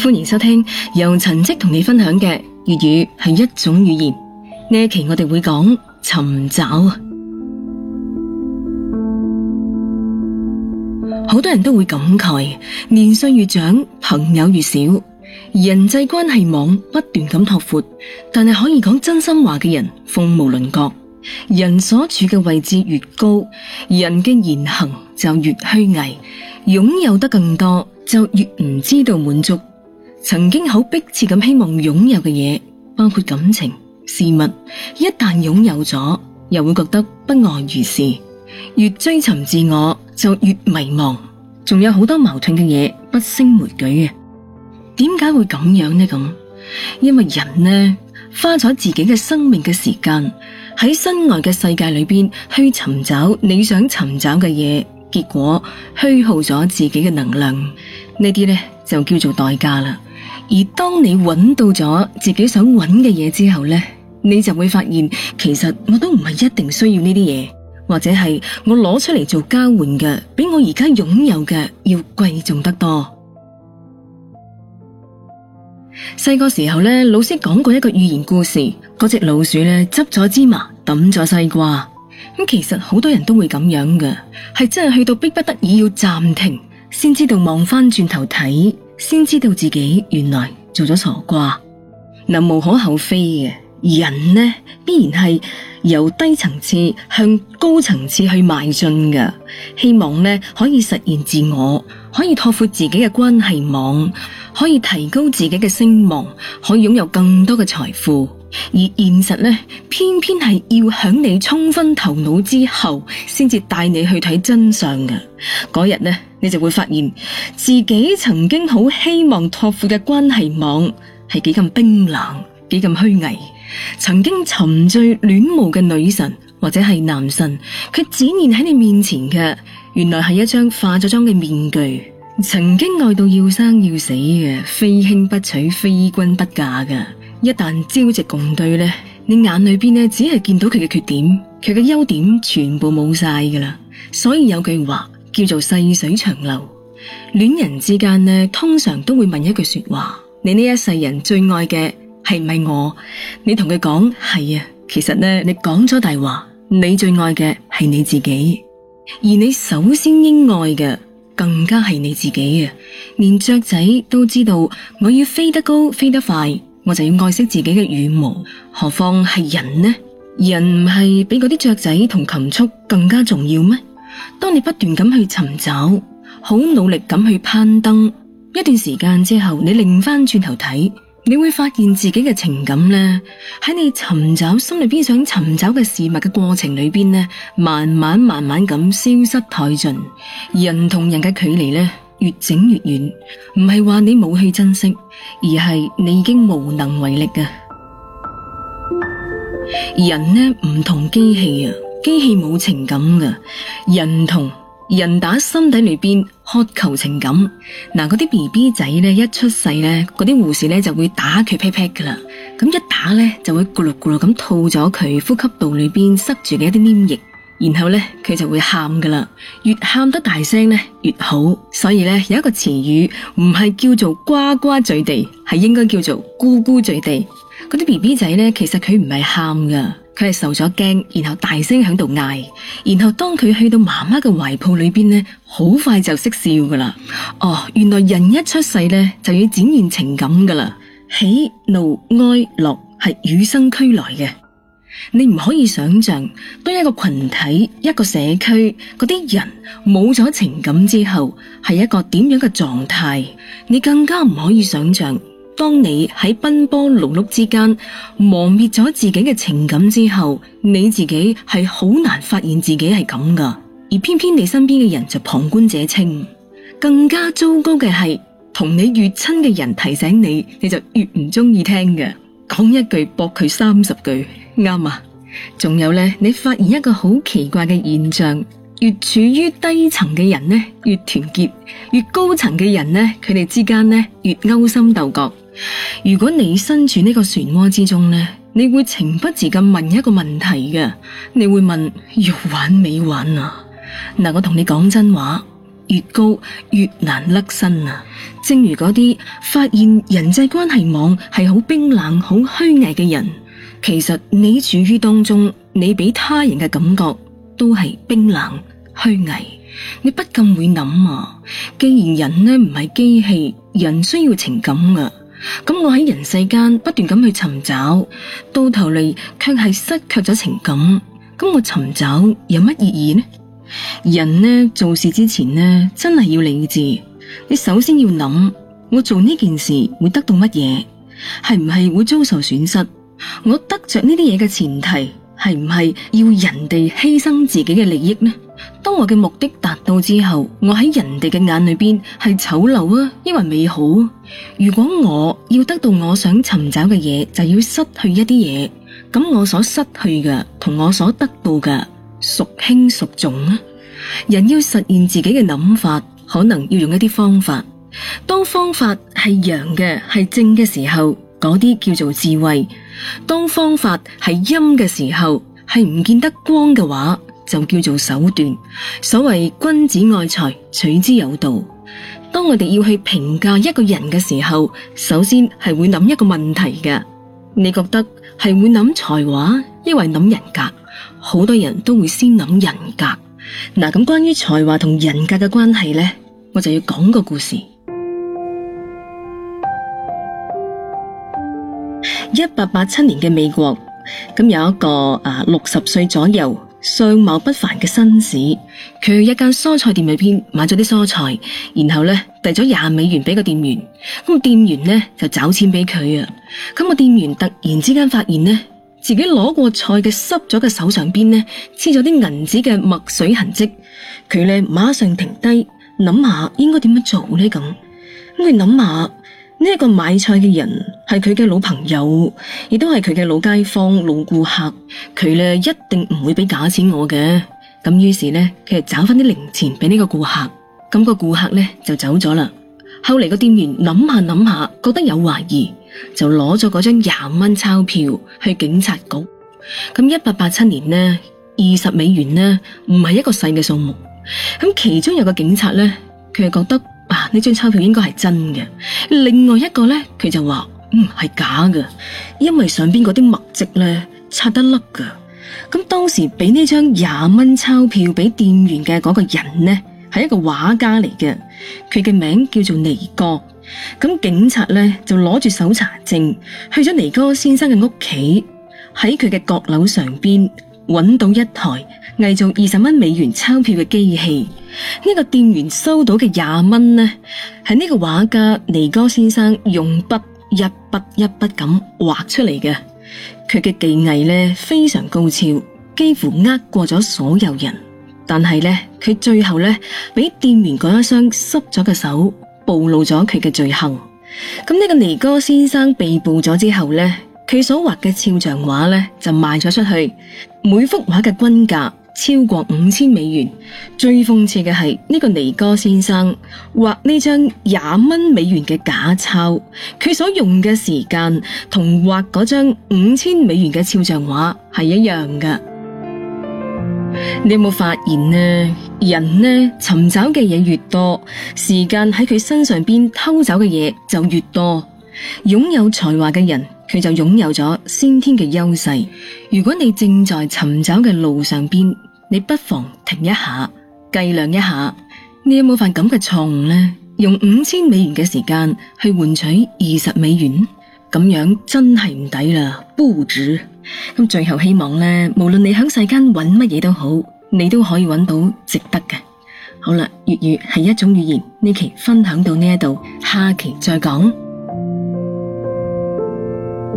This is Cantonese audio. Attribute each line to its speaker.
Speaker 1: 歡迎收聽由陳迹同你分享嘅粵語係一種語言。呢一期我哋會講尋找。好 多人都會感慨，年歲越長，朋友越少，人際關係網不斷咁拓闊，但係可以講真心話嘅人鳳毛麟角。人所處嘅位置越高，人嘅言行就越虛偽，擁有得更多。就越唔知道滿足，曾經好迫切咁希望擁有嘅嘢，包括感情、事物，一旦擁有咗，又會覺得不外如是。越追尋自我，就越迷茫，仲有好多矛盾嘅嘢，不勝枚舉嘅。點解會咁樣呢？咁因為人呢，花咗自己嘅生命嘅時間喺身外嘅世界裏邊去尋找你想尋找嘅嘢，結果虛耗咗自己嘅能量。呢啲咧就叫做代價啦。而當你揾到咗自己想揾嘅嘢之後呢，你就會發現，其實我都唔係一定需要呢啲嘢，或者係我攞出嚟做交換嘅，比我而家擁有嘅要貴重得多。細個謝謝 時候咧，老師講過一個寓言故事，嗰隻老鼠呢，執咗芝麻，抌咗西瓜。咁其實好多人都會咁樣噶，係真係去到逼不得已要暫停。先知道望翻轉頭睇，先知道自己原來做咗傻瓜。嗱，無可厚非嘅，人呢，必然係由低層次向高層次去邁進㗎，希望呢，可以實現自我，可以拓闊自己嘅關係網，可以提高自己嘅聲望，可以擁有更多嘅財富。而現實呢，偏偏係要響你沖昏頭腦之後，先至帶你去睇真相嘅。嗰日呢，你就會發現自己曾經好希望託付嘅關係網係幾咁冰冷、幾咁虛偽。曾經沉醉戀慕嘅女神或者係男神，佢展現喺你面前嘅，原來係一張化咗妝嘅面具。曾經愛到要生要死嘅，非卿不娶、非君不嫁嘅。一旦朝夕共對呢，你眼裏邊呢，只係見到佢嘅缺點，佢嘅優點全部冇晒噶啦。所以有句話叫做細水長流。戀人之間呢，通常都會問一句說話：你呢一世人最愛嘅係唔係我？你同佢講係啊，其實呢，你講咗大話。你最愛嘅係你自己，而你首先應愛嘅更加係你自己啊！連雀仔都知道，我要飛得高，飛得快。我就要愛惜自己嘅羽毛，何況係人呢？人唔係比嗰啲雀仔同禽畜更加重要咩？當你不斷咁去尋找，好努力咁去攀登，一段時間之後，你擰翻轉頭睇，你會發現自己嘅情感呢。喺你尋找心裏邊想尋找嘅事物嘅過程裏邊呢，慢慢慢慢咁消失殆盡，人同人嘅距離呢。越整越遠，唔係話你冇去珍惜，而係你已經無能為力啊！人咧唔同機器啊，機器冇情感噶，人同人打心底裏邊渴求情感。嗱，嗰啲 BB 仔咧一出世咧，嗰啲護士咧就會打佢屁屁噶啦，咁一打咧就會咕嚕咕嚕咁吐咗佢呼吸道裏邊塞住嘅一啲黏液。然後呢，佢就會喊㗎喇，越喊得大聲呢越好。所以呢，有一個詞語唔係叫做呱呱墜地，係應該叫做咕咕墜地。嗰啲 BB 仔呢，其實佢唔係喊㗎，佢係受咗驚，然後大聲喺度嗌。然後當佢去到媽媽嘅懷抱裏邊呢，好快就識笑㗎喇。哦，原來人一出世呢，就要展現情感㗎喇，喜怒哀樂係與生俱來嘅。你唔可以想象，當一個群體、一個社區嗰啲人冇咗情感之後，係一個點樣嘅狀態。你更加唔可以想象，當你喺奔波勞碌之間，磨滅咗自己嘅情感之後，你自己係好難發現自己係咁㗎。而偏偏你身邊嘅人就旁觀者清。更加糟糕嘅係，同你越親嘅人提醒你，你就越唔中意聽嘅。講一句，駁佢三十句。啱啊，仲、嗯、有咧，你發現一個好奇怪嘅現象，越處於低層嘅人咧越團結，越高層嘅人咧佢哋之間咧越勾心鬥角。如果你身處呢個漩渦之中咧，你會情不自禁問一個問題嘅，你會問：欲玩未玩啊？嗱，我同你講真話，越高越難甩身啊！正如嗰啲發現人際關係網係好冰冷、好虛偽嘅人。其實你處於當中，你俾他人嘅感覺都係冰冷虛偽。你不禁會諗啊，既然人呢唔係機器，人需要情感噶，咁我喺人世間不斷咁去尋找，到頭嚟卻係失卻咗情感，咁我尋找有乜意義呢？人呢做事之前呢，真係要理智。你首先要諗，我做呢件事會得到乜嘢，係唔係會遭受損失？我得着呢啲嘢嘅前提係唔係要人哋犧牲自己嘅利益呢？當我嘅目的達到之後，我喺人哋嘅眼裏邊係醜陋啊，抑或美好啊？如果我要得到我想尋找嘅嘢，就要失去一啲嘢，咁我所失去嘅同我所得到嘅孰輕孰重啊？人要實現自己嘅諗法，可能要用一啲方法。當方法係陽嘅係正嘅時候，嗰啲叫做智慧。當方法係陰嘅時候，係唔見得光嘅話，就叫做手段。所謂君子愛財，取之有道。當我哋要去評價一個人嘅時候，首先係會諗一個問題嘅：你覺得係會諗才華，抑或諗人格？好多人都會先諗人格。嗱，咁關於才華同人格嘅關係咧，我就要講個故事。一八八七年嘅美國，咁有一個啊六十歲左右、相貌不凡嘅紳士，佢去一間蔬菜店入邊買咗啲蔬菜，然後咧遞咗廿美元俾個店員，咁個店員咧就找錢俾佢啊。咁個店員突然之間發現咧，自己攞過菜嘅濕咗嘅手上邊咧，黐咗啲銀紙嘅墨水痕跡，佢咧馬上停低諗下想想應該點樣做咧咁，咁佢諗下。呢一個買菜嘅人係佢嘅老朋友，亦都係佢嘅老街坊、老顧客。佢呢一定唔會俾假錢我嘅。咁於是呢，佢就找翻啲零錢俾呢個顧客。咁、那個顧客呢就走咗啦。後嚟個店員諗下諗下，覺得有懷疑，就攞咗嗰張廿蚊鈔票去警察局。咁一八八七年呢，二十美元呢唔係一個細嘅數目。咁其中有個警察呢，佢係覺得。呢張鈔票應該係真嘅，另外一個呢，佢就話嗯係假嘅，因為上邊嗰啲墨迹呢，擦得甩噶。咁當時俾呢張廿蚊鈔票俾店員嘅嗰個人呢，係一個畫家嚟嘅，佢嘅名叫做尼哥。咁警察呢，就攞住搜查證去咗尼哥先生嘅屋企，喺佢嘅閣樓上邊搵到一台偽造二十蚊美元鈔票嘅機器，呢、這個店員收到嘅廿蚊呢，係呢個畫家尼哥先生用筆一筆一筆咁畫出嚟嘅，佢嘅技藝呢，非常高超，幾乎呃過咗所有人。但係呢，佢最後呢，俾店員嗰一雙濕咗嘅手暴露咗佢嘅罪行。咁、這、呢個尼哥先生被捕咗之後呢，佢所畫嘅肖像畫呢，就賣咗出去，每幅畫嘅均價超過五千美元。最諷刺嘅係呢個尼哥先生畫呢張廿蚊美元嘅假鈔，佢所用嘅時間同畫嗰張五千美元嘅肖像畫係一樣噶。你有冇發現呢？人呢，尋找嘅嘢越多，時間喺佢身上邊偷走嘅嘢就越多。擁有才華嘅人，佢就擁有咗先天嘅優勢。如果你正在尋找嘅路上邊，你不妨停一下，計量一下，你有冇犯咁嘅錯誤呢？用五千美元嘅時間去換取二十美元，咁樣真係唔抵啦，唔抵。咁最後希望呢，無論你響世間揾乜嘢都好，你都可以揾到值得嘅。好啦，粵語係一種語言，呢期分享到呢一度，下期再講。